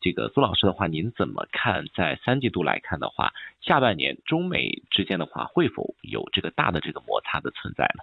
這個蘇老師的話，您怎麼看？在三季度來看的話，下半年中美之間的話，會否有這個大的這個摩擦的存在呢？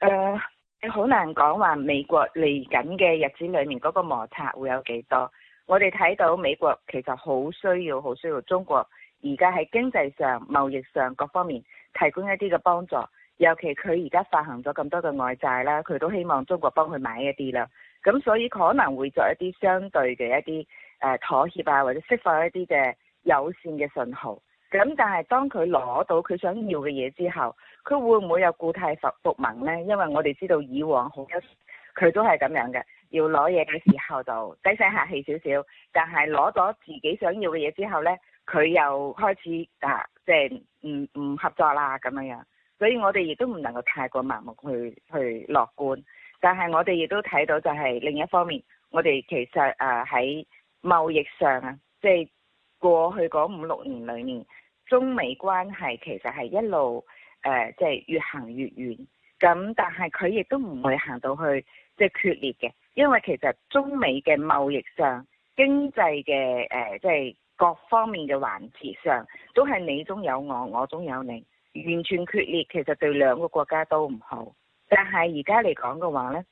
誒、呃，你好難講話美國嚟緊嘅日子裏面嗰個摩擦會有幾多？我哋睇到美國其實好需要、好需要中國，而家喺經濟上、貿易上各方面提供一啲嘅幫助，尤其佢而家發行咗咁多嘅外債啦，佢都希望中國幫佢買一啲啦。咁所以可能會作一啲相對嘅一啲誒妥協啊，或者釋放一啲嘅友善嘅信號。咁但係當佢攞到佢想要嘅嘢之後，佢會唔會有故態復萌呢？因為我哋知道以往好多佢都係咁樣嘅，要攞嘢嘅時候就低聲客氣少少，但係攞咗自己想要嘅嘢之後呢，佢又開始啊，即係唔唔合作啦咁樣樣。所以我哋亦都唔能夠太過盲目去去樂觀。但係我哋亦都睇到，就係另一方面，我哋其實誒喺貿易上啊，即係過去嗰五六年裏面，中美關係其實係一路誒即係越行越遠。咁但係佢亦都唔會行到去即係決裂嘅，因為其實中美嘅貿易上、經濟嘅誒即係各方面嘅環節上，都係你中有我，我中有你，完全決裂其實對兩個國家都唔好。但係而家嚟講嘅話呢，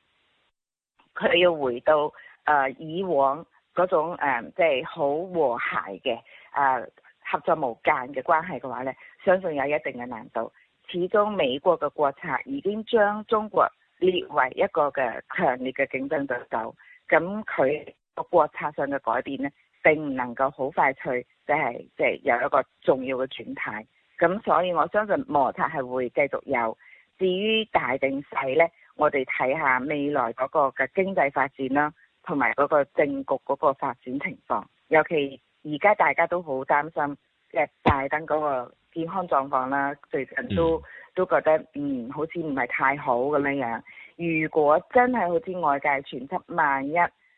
佢要回到誒、呃、以往嗰種誒即係好和諧嘅誒合作無間嘅關係嘅話呢，相信有一定嘅難度。始終美國嘅國策已經將中國列為一個嘅強烈嘅競爭對手，咁佢個國策上嘅改變呢，並唔能夠好快脆即係即係有一個重要嘅轉態。咁所以我相信摩擦係會繼續有。至於大定細呢，我哋睇下未來嗰個嘅經濟發展啦，同埋嗰個政局嗰個發展情況。尤其而家大家都好擔心嘅拜登嗰個健康狀況啦，最近都都覺得嗯，好似唔係太好咁樣樣。如果真係好似外界傳出，萬一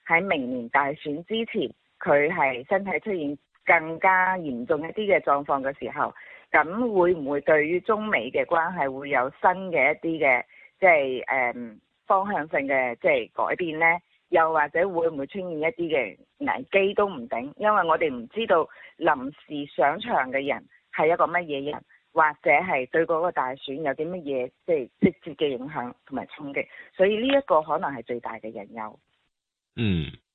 喺明年大選之前佢係身體出現更加嚴重一啲嘅狀況嘅時候，咁會唔會對於中美嘅關係會有新嘅一啲嘅，即係誒方向性嘅即係改變呢？又或者會唔會出現一啲嘅危機都唔定，因為我哋唔知道臨時上場嘅人係一個乜嘢人，或者係對嗰個大選有啲乜嘢即係直接嘅影響同埋衝擊，所以呢一個可能係最大嘅隱憂。嗯。